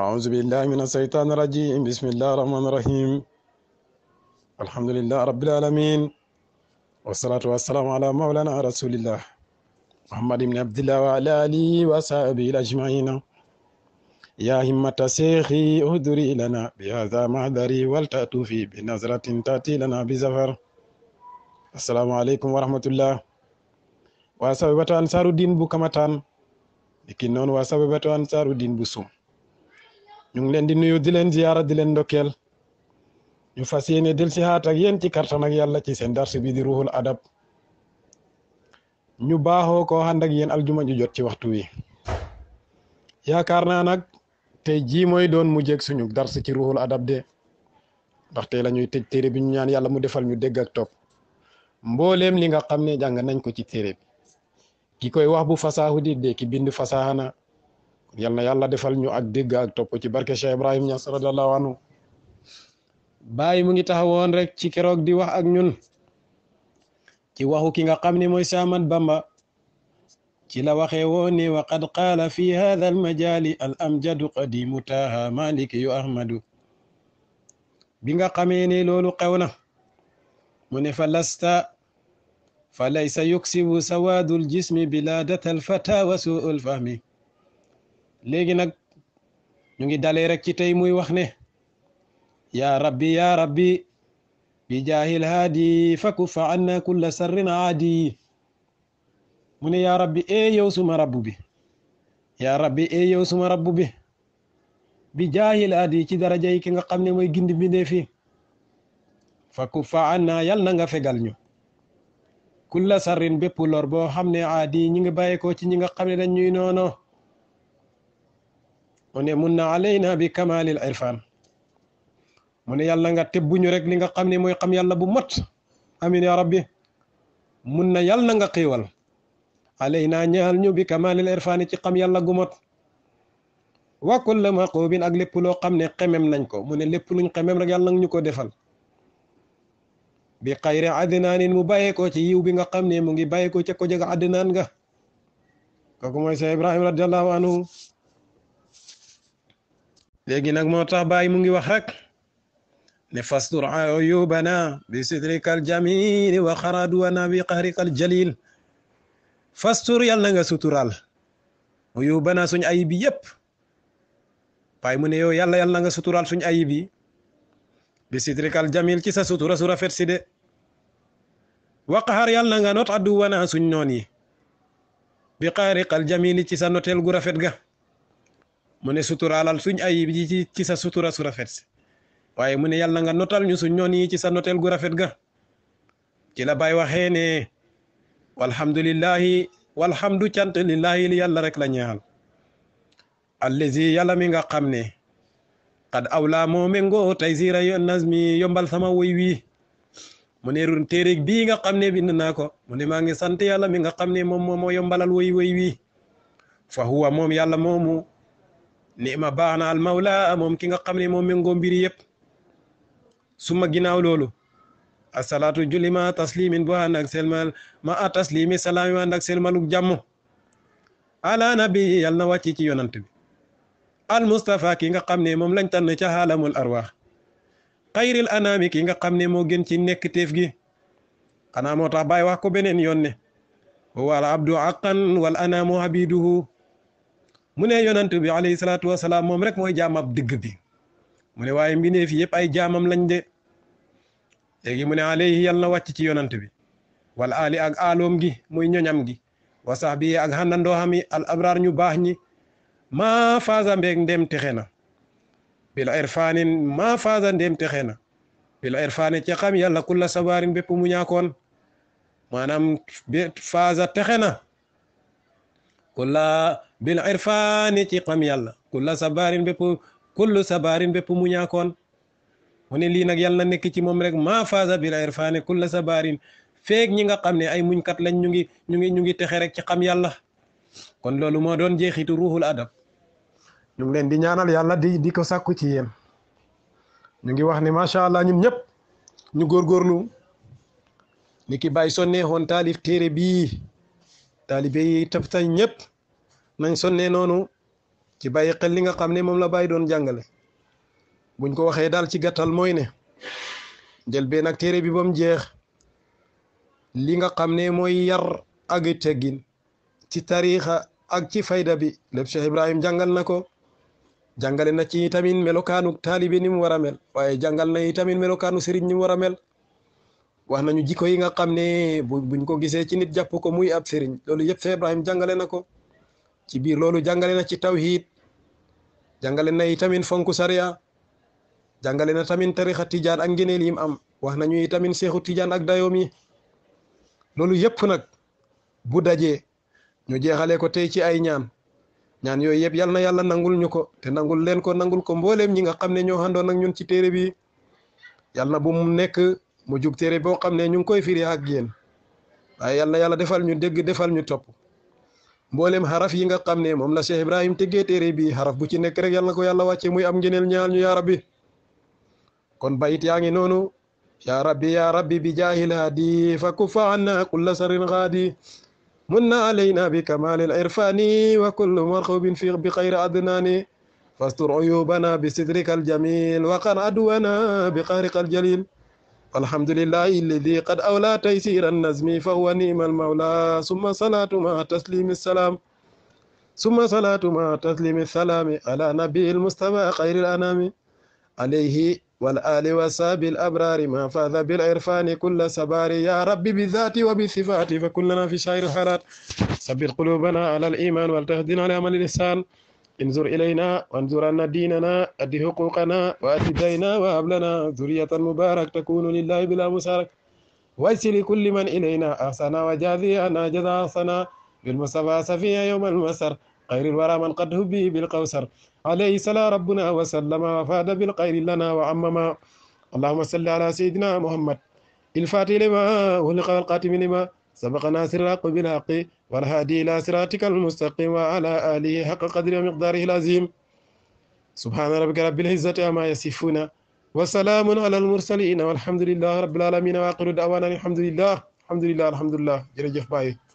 أعوذ بالله من الشيطان الرجيم بسم الله الرحمن الرحيم الحمد لله رب العالمين والصلاة والسلام على مولانا رسول الله محمد بن عبد الله وعلى آله وصحبه أجمعين يا همة سيخي اهدري لنا بهذا والتأتو في بنظرة تأتي لنا بزفر السلام عليكم ورحمة الله وصحبه أنصار الدين بكمتان لكن نون وأصحاب أنصار الدين بسوم ñu ngi leen di nuyu di leen ziyaara di leen ndokkeel ñu fas yéene del si haat ak yéen ci kartan ak yàlla ci seen darse bi di ruhul adab ñu baaxoo ko ànd ak yéen aljuma ju jot ci waxtu wi yaakaar naa nag tey jii mooy doon mu suñu darse ci ruhul adab de ndax tey la ñuy tëj téere bi ñu ñaan yàlla mu defal ñu dégg ak topp mbooleem li nga xam ne nañ ko ci téere bi ki koy wax bu fasaahu di dee ki bind يلا يلا دفال نيو اك ديغا اك توپ سي بركه شيخ ابراهيم نصر الله عنه باي موغي تاهوون ريك سي كيروك دي واخ اك نون سي واخو كيغا خامني موي سامان بامبا سي لا واخي ووني وقد قال في هذا المجال الامجد قديم تاه مالك يو احمد بيغا خاميني لولو خيونا موني فلست فليس يكسب سواد الجسم بلادة الفتى وسوء الفهم léegi nag ñu ngi dalee rek ci tey muy wax ne yaa rabbi yaa rabbi bi jaahil haadi fakuffa anna kulla sarrin aadi mu ne yaa rabbi e yow suma rabbu bi yow suma rabbu bi bi jaahil haadi ci daraja yi ki nga xam ne mooy gindi bindee fi fakuffa anna yal na nga fegal ñu kulla sarrin bépp lor boo xam ne aadi ñu ngi bàyyeekoo ci ñi nga xam ne dañ ñuy noono mu ne mun na alayna bi kamalil irfan mu ne yàlla nga tebbuñu rek li nga xam ne mooy xam yàlla bu mot amin ya rabbi mun na yàlla nga xiiwal alayna ñaal ñu bi kamalil irfani ci xam yàlla gu mot wa kulla maqubin ak lépp loo xam ne xemem nañ ko mu ne lépp luñ xemem rek yàlla nga ñu ko defal bi xayri adnaanin mu bàyyeekoo ci yiw bi nga xam ne mu ngi bàyyeekoo ca ko jega adnaan nga kooku mooy sa ibrahim radiallahu anhu legi nak motax bay wakak, mu ngi wax rek ne fastur ayubana bi sidrikal jamil wa wa nabi qahrikal jalil fastur yalla nga sutural ayubana suñ ayibi yep bay mu ne yo yalla yalla nga sutural suñ ayibi bi sidrikal jamil ci sa sutura sura fatside wa qahar yalla nga not wana suñ noni bi qahrikal jamil ci sa notel gu rafet ga mu ne suturaalal suñ ayib yi ci sa sutura su rafet waaye mu ne yàlla na nga notal ñu suñ noon yi ci sa noteel gu rafet ga ci la bay waxee ne walhamdulillahi walhamdu cant lillahi li yàlla rek la ñaal yàlla mi nga xam ne xad awla moo méngoo tay sira yo nazmi yombal sama woy wii mu ne run téerig bii nga xam ne bind naa ko mu ne maa ngi sant yàlla mi nga xam ne moom moo moo yombalal woy woy wii fa huwa moom yàlla moomu ni ma baax na al moom ki nga xam ne moom méngoo mbiri yëpp suma ginnaaw loolu asalaatu julli ma taslimin bu ànd ak selmal ma a taslimi salaami na wàcc ci yonant bi al mustafa ki nga xam ne moom lañ tànn ca xaalamul arwaax xayril anaami ki nga xam ne moo gën ci nekk teef gi xanaa moo tax bàyyi wax ko beneen yoon wala abdu aqan wal anaamu habiduhu mu ne yonant bi alayhi salaatu wasalaam moom rek mooy jaamab digg bi mu ne waaye mbindeef yëpp ay jaamam lañ de léegi mu ne alayhi yal na wàcc ci yonant bi wala ali ak aloom gi muy ñoñam gi wa sax bi ak xàndandoo al abraar ñu baax ñi maa faasa mbeeg texe na bil irfaani maa faasa ndem texe na bil irfaani ci xam yàlla kulla sabaarin bépp mu ñaakoon maanaam faasa texe na kulla bil irfani ci xam yalla kulla sabarin bepp kul sabarin bepp mu ñaakoon mu li nak yalla yàlla nekk ci mom rek ma faza bil irfani kulla sabarin feek ñi nga xam ne ay kat lañ ñu ngi ñu ngi ñu ngi texe rek ci xam yalla kon lolu mo doon jeexitu ruhul adab ñu ngi leen di ñaanal yalla di di ko sakku ci yeen ñu ngi wax ne sha allah ñun ñep ñu góorgóorlu ni ki bay sonne hon talif tere bi talibe yi tafta ñep nañ sonnee noonu ci bàyyi xel li nga xam ne moom la bàyyi doon jàngale buñ ko waxee daal ci gàttal mooy ne njëlbeen ak téere bi ba jeex li nga xam ne mooy yar ak teggin ci tariixa ak ci fayda bi lépp Cheikh Ibrahim jàngal na ko jàngale na ci tamit melokaanu taalibe ni mu war a mel waaye jàngal na itamit melokaanu sëriñ ni mu war a mel wax nañu jikko yi nga xam ne buñ ko gisee ci nit jàpp ko muy ab sëriñ loolu yëpp Cheikh Ibrahim jàngale na ko. ci biir loolu jàngale na ci taw tawhid jàngale na itamit fonk sariya jàngale na tamit tarixa tijaan ak ngëneel yim am wax nañu itamit seexu tijaan ak dayoom yi loolu yëpp nag bu dajee ñu jeexale ko tey ci ay ñaan ñaan yooyu yëpp yal na yàlla nangul ñu ko te nangul leen ko nangul ko mbooleem ñi nga xam ne ñoo àndoon ak ñun ci téere bi yal na bu nekk mu jub téere boo xam ne ñu ngi koy firi ak yéen waaye yal na yàlla defal ñu dégg defal ñu topp mbollem haraf yi nga xamne mom la Cheikh Ibrahim tëggee téere bi haraf bu ci nek rek yalla ko yàlla wàcce muy am ngeenel ñaal ñu ya rabbi kon bayit yaangi nonu ya rabbi ya rabbi bi jahil hadi fa kufa anna kull sar ghadi munna alayna bi kamal al irfani wa kull marxubin fi bi khair adnani fastur uyubana bi sidrikal jamil wa qan adwana bi xaariqa jalil الحمد لله الذي قد أولى تيسير النزم فهو نيم المولى ثم صلاة مع تسليم السلام ثم صلاة مع تسليم السلام على نبي المصطفى خير الأنام عليه والآل وساب الأبرار ما فاز بالعرفان كل سبار يا ربي بالذات وبالصفات فكلنا في شعر الحالات سبق قلوبنا على الإيمان على عمل الإحسان انظر إلينا وانظر أن ديننا أدي حقوقنا وأدي دينا وهب لنا ذرية مبارك تكون لله بلا مشارك ويسي كل من إلينا أحسن وجازينا جزا أحسن بالمصطفى سفيا يوم المسر خير الورى من قد هبي بالقوسر عليه صلى ربنا وسلم وفاد بالخير لنا وعمما اللهم صل على سيدنا محمد الفاتح لما والقاتم لما سبقنا ناصر الحق بالحق والهادي إلى صراطك المستقيم وعلى آله حق قدره ومقداره العظيم سبحان ربك رب العزة عما يصفون وسلام على المرسلين والحمد لله رب العالمين واقر دعوانا الحمد لله الحمد لله الحمد لله جرجف باي